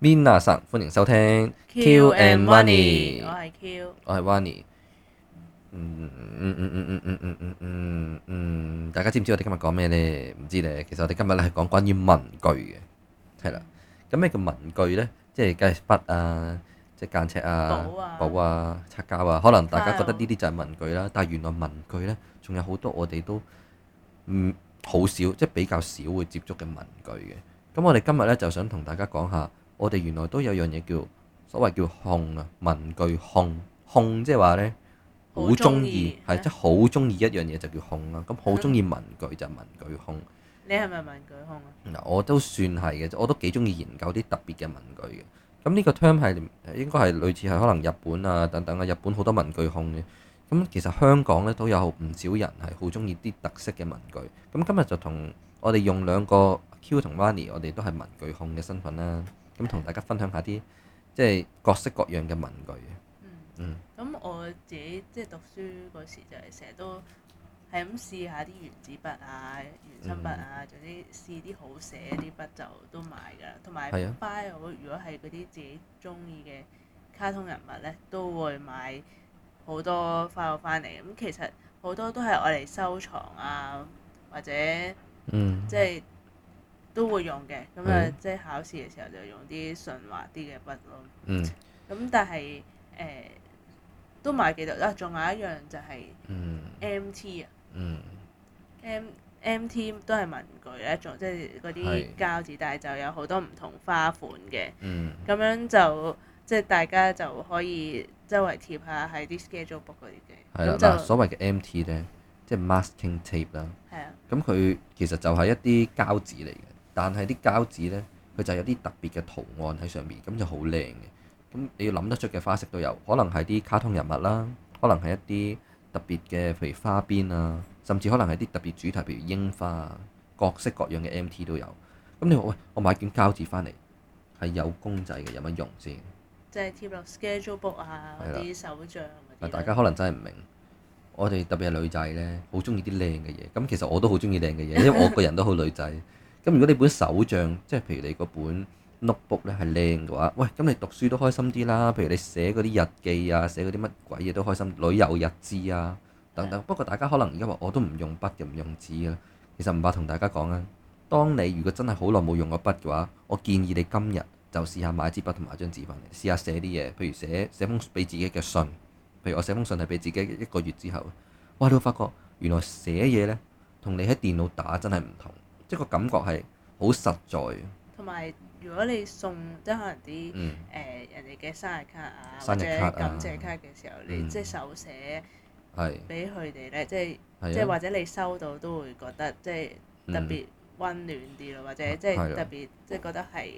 Minna 桑，歡迎收聽。Q and Wani，我係 Q，我係 Wani。嗯嗯嗯嗯嗯嗯嗯嗯嗯嗯，大家知唔知我哋今日講咩咧？唔知咧。其實我哋今日咧係講關於文具嘅，係啦。咁咩叫文具咧？即係梗係筆啊，即係間尺啊、簿啊、擦膠啊。可能大家覺得呢啲就係文具啦，但係原來文具咧，仲有好多我哋都唔好少，即係比較少會接觸嘅文具嘅。咁我哋今日咧就想同大家講下。我哋原來都有樣嘢叫所謂叫控啊文具控控即係話呢，好中意係即係好中意一樣嘢就叫控啦咁好中意文具就文具控。你係咪文具控啊？嗱我都算係嘅我都幾中意研究啲特別嘅文具嘅。咁呢個 term 係應該係類似係可能日本啊等等啊，日本好多文具控嘅。咁其實香港呢都有唔少人係好中意啲特色嘅文具。咁今日就同我哋用兩個 Q 同 Winnie，我哋都係文具控嘅身份啦。咁同大家分享下啲即係各式各樣嘅文具嘅。嗯，咁、嗯、我自己即係、就是、讀書嗰時就係成日都係咁試下啲原子筆啊、原珠筆啊，總之、嗯、試啲好寫啲筆就都買㗎。同埋買我如果係嗰啲自己中意嘅卡通人物咧，都會買好多翻學翻嚟。咁其實好多都係我嚟收藏啊，或者即係。嗯就是都會用嘅咁啊！即係考試嘅時候就用啲順滑啲嘅筆咯。嗯。咁但係誒、呃、都買幾多啊？仲有一樣就係嗯 M T 啊。嗯。M M T 都係文具咧，仲即係嗰啲膠紙，是但係就有好多唔同花款嘅。嗯。咁樣就即係、就是、大家就可以周圍貼下喺啲 schedule book 嗰啲嘅。係咯、嗯。咁就所謂嘅 M T 咧，即、就、係、是、masking tape 啦。係啊。咁佢其實就係一啲膠紙嚟。但係啲膠紙呢，佢就有啲特別嘅圖案喺上面，咁就好靚嘅。咁你要諗得出嘅花色都有，可能係啲卡通人物啦，可能係一啲特別嘅，譬如花邊啊，甚至可能係啲特別主題，譬如櫻花，各式各樣嘅 MT 都有。咁你話喂，我買件膠紙翻嚟係有公仔嘅，有乜用先？即係貼落 schedule book 啊，啲的手帳。啊！大家可能真係唔明，我哋特別係女仔呢，好中意啲靚嘅嘢。咁其實我都好中意靚嘅嘢，因為我個人都好女仔。 咁如果你本手帳，即係譬如你嗰本 notebook 咧係靚嘅話，喂，咁你讀書都開心啲啦。譬如你寫嗰啲日記啊，寫嗰啲乜鬼嘢都開心。旅遊日誌啊等等。的不過大家可能而家話我都唔用筆，又唔用紙嘅啦。其實唔怕同大家講啊。當你如果真係好耐冇用過筆嘅話，我建議你今日就試下買支筆同埋張紙翻嚟試下寫啲嘢。譬如寫寫封俾自己嘅信。譬如我寫封信係俾自己一個月之後。哇！你會發覺原來寫嘢咧，同你喺電腦打真係唔同。即係個感覺係好實在，同埋如果你送即係可能啲誒、嗯呃、人哋嘅生日卡啊，生日卡啊或者感謝卡嘅時候，嗯、你即係手寫係俾佢哋咧，的即係即係或者你收到都會覺得即係特別溫暖啲咯，嗯、或者即係特別即係覺得係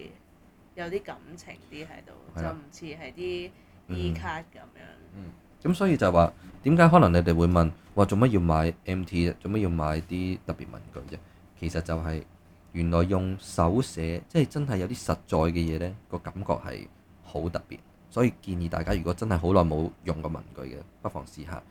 有啲感情啲喺度，的就唔似係啲 E 卡咁、嗯、樣嗯。嗯，咁所以就話點解可能你哋會問話做乜要買 M T 啫？做乜要買啲特別文具啫？其實就係、是、原來用手寫，即係真係有啲實在嘅嘢呢，個感覺係好特別，所以建議大家如果真係好耐冇用過文具嘅，不妨試下。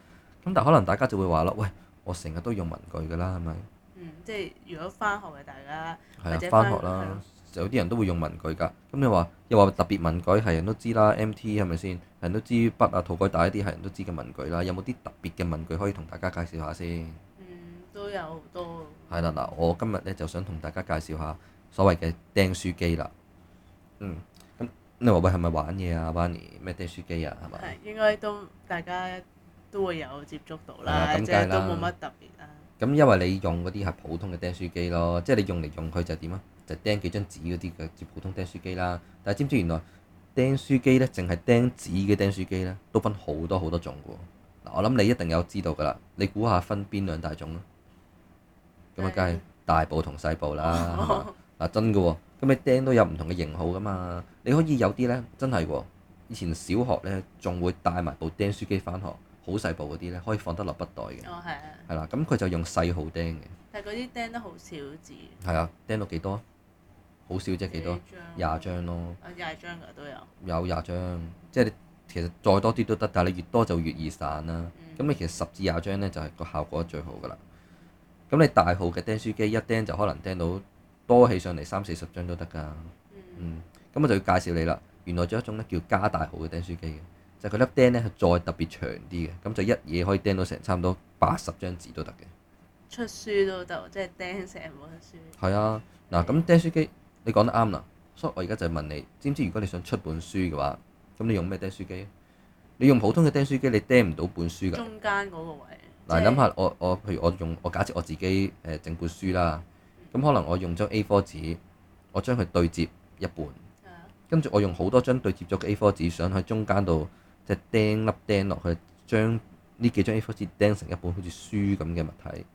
咁但可能大家就會話啦，喂，我成日都用文具噶啦，係咪、嗯？即係如果翻學嘅大家，係呀翻學啦，啊、有啲人都會用文具㗎。咁你話又話特別文具，係人都知啦，MT 係咪先？係人都知筆啊、塗改帶一啲，係人都知嘅文具啦。有冇啲特別嘅文具可以同大家介紹下先、嗯？都有好多。係啦，嗱，我今日咧就想同大家介紹下所謂嘅釘書機啦。嗯，咁你話喂係咪玩嘢啊，Bunny？咩釘書機啊，係咪？係應該都大家都會有接觸到啦，即係都冇乜特別啦、啊。咁因為你用嗰啲係普通嘅釘書機咯，即係你用嚟用去就點啊？就係、釘幾張紙嗰啲嘅，即、就係、普通釘書機啦。但係知唔知原來釘書機咧，淨係釘紙嘅釘書機咧，都分好多好多種㗎喎。嗱，我諗你一定有知道㗎啦，你估下分邊兩大種咯？咁啊，梗係大部同細部啦，嗱、哦，真嘅喎、哦，咁你釘都有唔同嘅型號噶嘛？你可以有啲咧，真係喎、哦，以前小學咧仲會帶埋部釘書機返學，好細部嗰啲咧可以放得落筆袋嘅，哦，係啦，咁佢就用細號釘嘅。但係嗰啲釘得好少字。係啊，釘到幾多？好少即係幾多？廿張咯。啊，廿張㗎都有。有廿張，即係你其實再多啲都得，但係你越多就越易散啦、啊。咁、嗯、你其實十至廿張咧就係個效果最好㗎啦。咁你大號嘅釘書機一釘就可能釘到多起上嚟三四十張都得㗎。嗯，咁我就要介紹你啦。原來仲有一種咧叫加大號嘅釘書機嘅，就係佢粒釘咧係再特別長啲嘅，咁就一嘢可以釘到成差唔多八十張紙都得嘅。出書都得，即係釘成本書。係啊，嗱、啊，咁釘書機你講得啱啦，所以我而家就問你，知唔知如果你想出本書嘅話，咁你用咩釘書機？你用普通嘅釘書機，你釘唔到本書㗎。中間嗰個位。嗱，諗下我我譬如我用我假設我自己誒、呃、整本書啦，咁、嗯、可能我用張 A4 紙，我將佢對摺一半，嗯啊、跟住我用好多張對摺咗嘅 A4 紙，想喺中間度即係釘粒釘落去，將呢幾張 A4 紙釘成一本好似書咁嘅物體。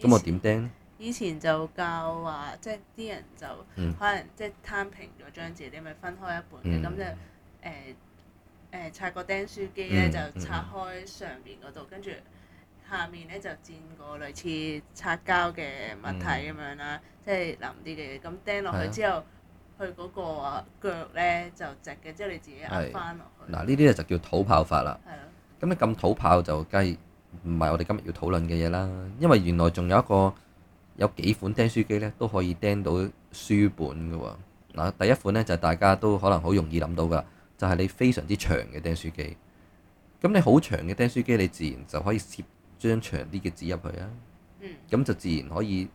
咁前我點釘咧？以前就教話，即係啲人就、嗯、可能即係、就是、攤平咗張紙，你咪分開一半，咁、嗯、就誒誒、呃呃呃、拆個釘書機咧，就拆開上面嗰度，跟住。下面咧就墊個類似擦膠嘅物體咁樣啦，嗯、即係腍啲嘅，咁釘落去之後，佢嗰、嗯、個腳咧就直嘅，之後、嗯、你自己壓翻落去。嗱、嗯，呢啲咧就叫土炮法啦。係咯、嗯。咁你咁土炮就梗係唔係我哋今日要討論嘅嘢啦，因為原來仲有一個有幾款釘書機咧都可以釘到書本嘅喎。嗱，第一款咧就係、大家都可能好容易諗到㗎，就係、係、你非常之長嘅釘書機。咁你好長嘅釘書機，你自然就可以攝。將長啲嘅紙入去啊，咁就自然可以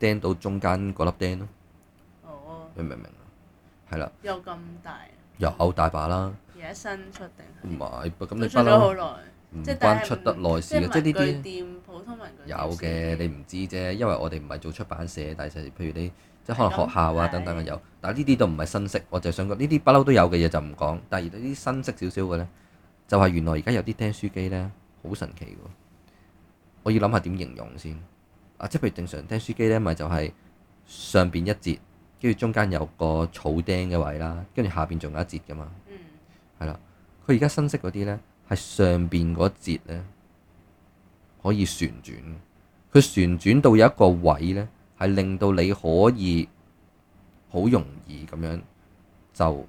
釘到中間嗰粒釘咯。你明唔明啊？係啦。又咁大。有大把啦。而家新出定唔係，咁你不嬲。出咗好耐，唔關出得耐事嘅，即係呢啲。普通文具。有嘅，你唔知啫，因為我哋唔係做出版社，但係譬如你即係可能學校啊等等嘅有，但係呢啲都唔係新式。我就想講呢啲不嬲都有嘅嘢就唔講，但係而家啲新式少少嘅咧，就係原來而家有啲釘書機咧，好神奇㗎。我要諗下點形容先啊！即係譬如正常釘書機咧，咪就係、是、上邊一節，跟住中間有個草釘嘅位啦，跟住下邊仲有一節噶嘛。嗯。係啦，佢而家新式嗰啲咧，係上邊嗰一節咧可以旋轉，佢旋轉到有一個位咧，係令到你可以好容易咁樣就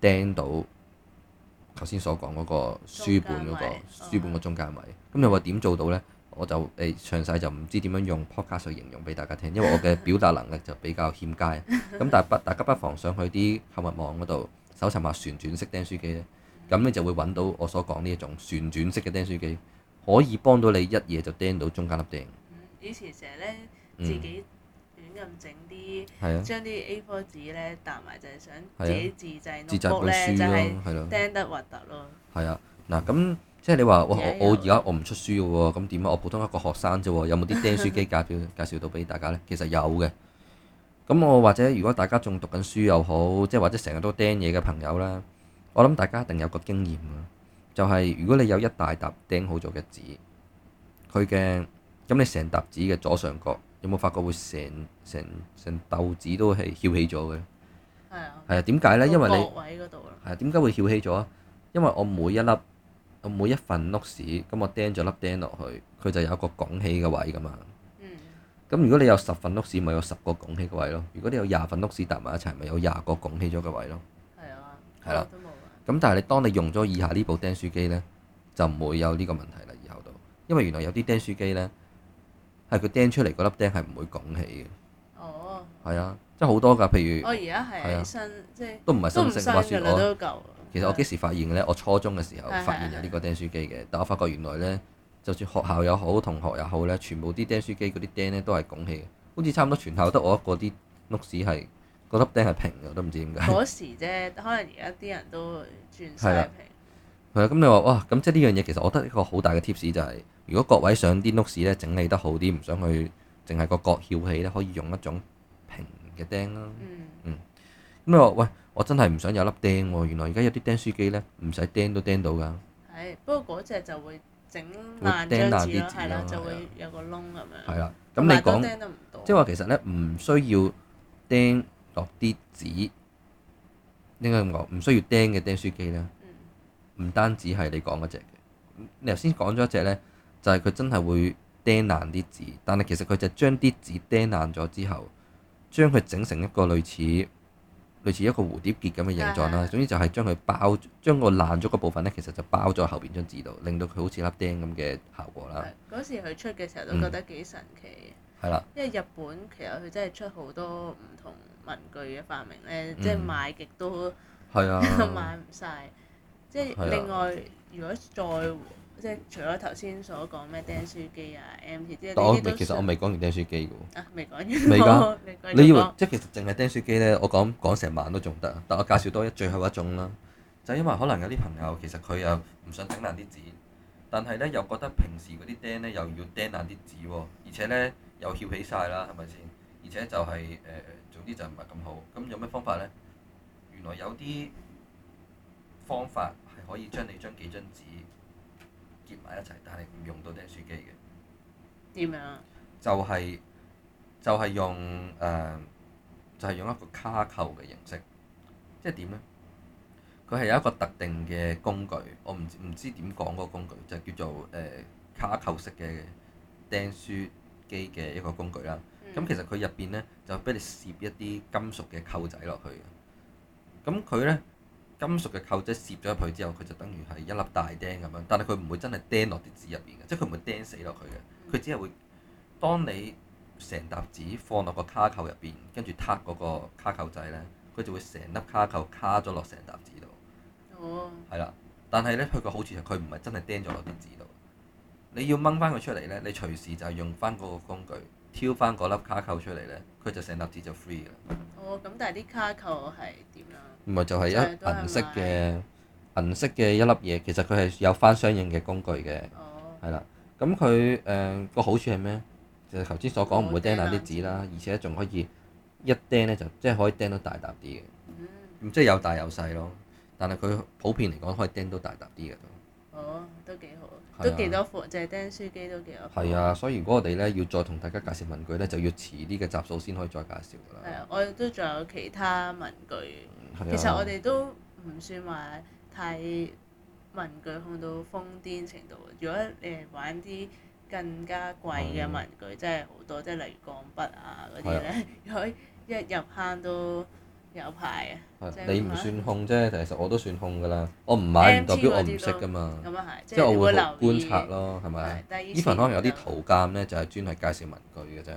釘到頭先所講嗰個書本嗰、那個書本個中間位。咁又話點做到咧？我就誒詳細就唔知點樣用 Podcast 嚟形容俾大家聽，因為我嘅表達能力就比較欠佳。咁但不大家不妨上去啲購物網嗰度搜尋下旋轉式釘書機咧，咁咧、嗯、就會揾到我所講呢一種旋轉式嘅釘書機，可以幫到你一夜就釘到中間粒釘。嗯、以前成日咧自己亂咁整啲，將啲 A4 紙咧搭埋，就係想自己自製個書咧，啊、就釘得核突咯。係啊，嗱咁、啊。 即係你話我我而家我唔出書嘅喎，咁點啊？我普通一個學生啫喎，有冇啲釘書機介紹介紹到俾大家呢？ 其實有嘅。咁我或者如果大家仲讀緊書又好，即係或者成日都釘嘢嘅朋友啦，我諗大家一定有一個經驗㗎，就係如果你有一大沓釘好咗嘅紙，佢嘅咁你成沓紙嘅左上角有冇發覺會成成成豆紙都係翹起咗嘅？係啊的。係啊，點解呢？因為你。度啦。係啊，點解會翹起咗？因為我每一粒。每一份碌屎，咁我釘咗粒釘落去，佢就有個拱起嘅位㗎嘛。嗯。咁如果你有十份碌屎，咪有十個拱起嘅位咯。如果你有廿份碌屎搭埋一齊，咪有廿個拱起咗嘅位咯。係啊。係啦。都冇啊。咁、啊、但係你當你用咗以下呢部釘書機呢，就唔會有呢個問題啦。以後都，因為原來有啲釘書機呢，係佢釘出嚟嗰粒釘係唔會拱起嘅。哦。係啊，即係好多㗎，譬如。我而家係新，即係、啊。都唔係新式嘅書台。 其實我幾時發現嘅咧？我初中嘅時候發現有呢個釘書機嘅。對對對，但我發覺原來咧，就算學校又好同學又好咧，全部啲釘書機嗰啲釘咧都係拱起嘅。好似差唔多全校得我一個啲碌屎係嗰粒釘係平嘅，都唔知點解。嗰時啫，可能而家啲人都轉曬平。係啊，咁、嗯、 你話哇，咁即係呢樣嘢其實我覺得一個好大嘅 tips 就係、是，如果各位想啲碌屎咧整理得好啲，唔想去淨係個角翹起咧，可以用一種平嘅釘啦。嗯。 嗯。咁你話喂？我真係唔想有粒釘喎，原來而家有啲釘書機呢，唔使釘都釘到㗎。係，不過嗰隻就會整爛張紙啲係啦，就會有個窿咁樣。係啦，咁你講，即係話其實呢，唔需要釘落啲紙，應該咁講，唔需要釘嘅釘書機呢。唔單止係你講嗰隻，你頭先講咗一隻呢，就係佢真係會釘爛啲紙，但係其實佢就將啲紙釘爛咗之後，將佢整成一個類似。類似一個蝴蝶結咁嘅形狀啦，啊、總之就係將佢包，將個爛咗個部分咧，其實就包咗喺後邊張紙度，令到佢好似粒釘咁嘅效果啦。嗰時佢出嘅時候都覺得幾神奇嘅，嗯、因為日本其實佢真係出好多唔同文具嘅發明咧，即係買極都係啊，買唔晒。即係另外，的如果再即係除咗頭先所講咩釘書機啊，M 字，啲啲都、嗯、其實我未講完釘書機嘅喎。未講、啊、完。未㗎、啊。完完你以為說即係其實淨係釘書機咧？我講講成晚都仲得，但我介紹多一最後一種啦。就、因為可能有啲朋友其實佢又唔想整爛啲紙，但係咧又覺得平時嗰啲釘咧又要釘爛啲紙喎，而且咧又翹起晒啦，係咪先？而且就係誒誒，早、呃、總之就唔係咁好。咁有咩方法咧？原來有啲方法係可以將你將幾張紙。接埋一齊，但係唔用到釘書機嘅。點樣、啊就係？就係就係用誒、呃，就係、係、用一個卡扣嘅形式。即係點咧？佢係有一個特定嘅工具，我唔唔知點講嗰個工具，就係、叫做誒、呃、卡扣式嘅釘書機嘅一個工具啦。咁、嗯、其實佢入邊咧，就俾你攝一啲金屬嘅扣仔落去。咁佢咧？金屬嘅扣仔攝咗入去之後，佢就等於係一粒大釘咁樣，但係佢唔會真係釘落啲紙入邊嘅，即係佢唔會釘死落去嘅。佢只係會當你成沓紙放落個卡扣入邊，跟住撻嗰個卡扣仔呢，佢就會成粒卡扣卡咗落成沓紙度。哦。係啦，但係呢，佢個好處就係佢唔係真係釘咗落啲紙度。你要掹翻佢出嚟呢，你隨時就係用翻嗰個工具。挑翻嗰粒卡扣出嚟咧，佢就成粒紙就 free 嘅。哦，咁但係啲卡扣係點啊？唔係就係一銀色嘅銀色嘅一粒嘢，其實佢係有翻相應嘅工具嘅。哦。係啦，咁佢誒個好處係咩？就係頭先所講唔會釘爛啲紙啦，而且仲可以一釘咧就即係可以釘到大沓啲嘅。嗯。即係有大有細咯，但係佢普遍嚟講可以釘到大沓啲嘅都。哦，都幾好。都幾多款，啊、就係釘書機都幾多款。係啊，所以如果我哋咧要再同大家介紹文具咧，就要遲啲嘅集數先可以再介紹㗎啦。係啊，我哋都仲有其他文具，啊、其實我哋都唔算話太文具控到瘋癲程度。如果你玩啲更加貴嘅文具，即係好多，即係例如鋼筆啊嗰啲咧，可以 一入坑都～有排啊！你唔算控啫，其實我都算控㗎喇。我唔買唔代表我唔識㗎嘛，即係我會留觀察咯，係咪？依份可能有啲圖鑑咧，就係專係介紹文具嘅啫。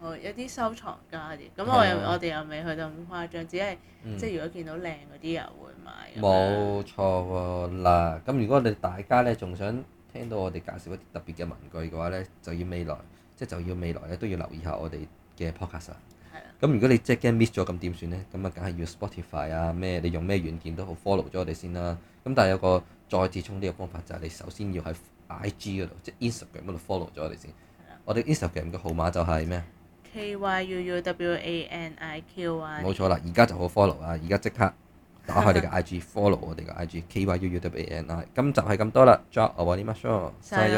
哦，有啲收藏家嘅，咁我我哋又未去到咁誇張，只係即係如果見到靚嗰啲又會買。冇錯喎嗱，咁如果我大家咧仲想聽到我哋介紹一啲特別嘅文具嘅話咧，就要未來即係就要未來咧都要留意下我哋嘅 podcast。咁如果你即驚 miss 咗，咁點算呢？咁啊，梗係要 Spotify 啊咩？你用咩軟件都好，follow 咗我哋先啦。咁但係有個再次充啲嘅方法，就係你首先要喺 IG 嗰度，即 Instagram 嗰度 follow 咗我哋先。我哋 Instagram 嘅號碼就係咩？K Y U U W A N I Q Y 冇錯啦，而家就好 follow 啊！而家即刻打開你嘅 IG，follow 我哋嘅 IG，K Y U U W A N I。今集係咁多啦，drop 我啲 message 再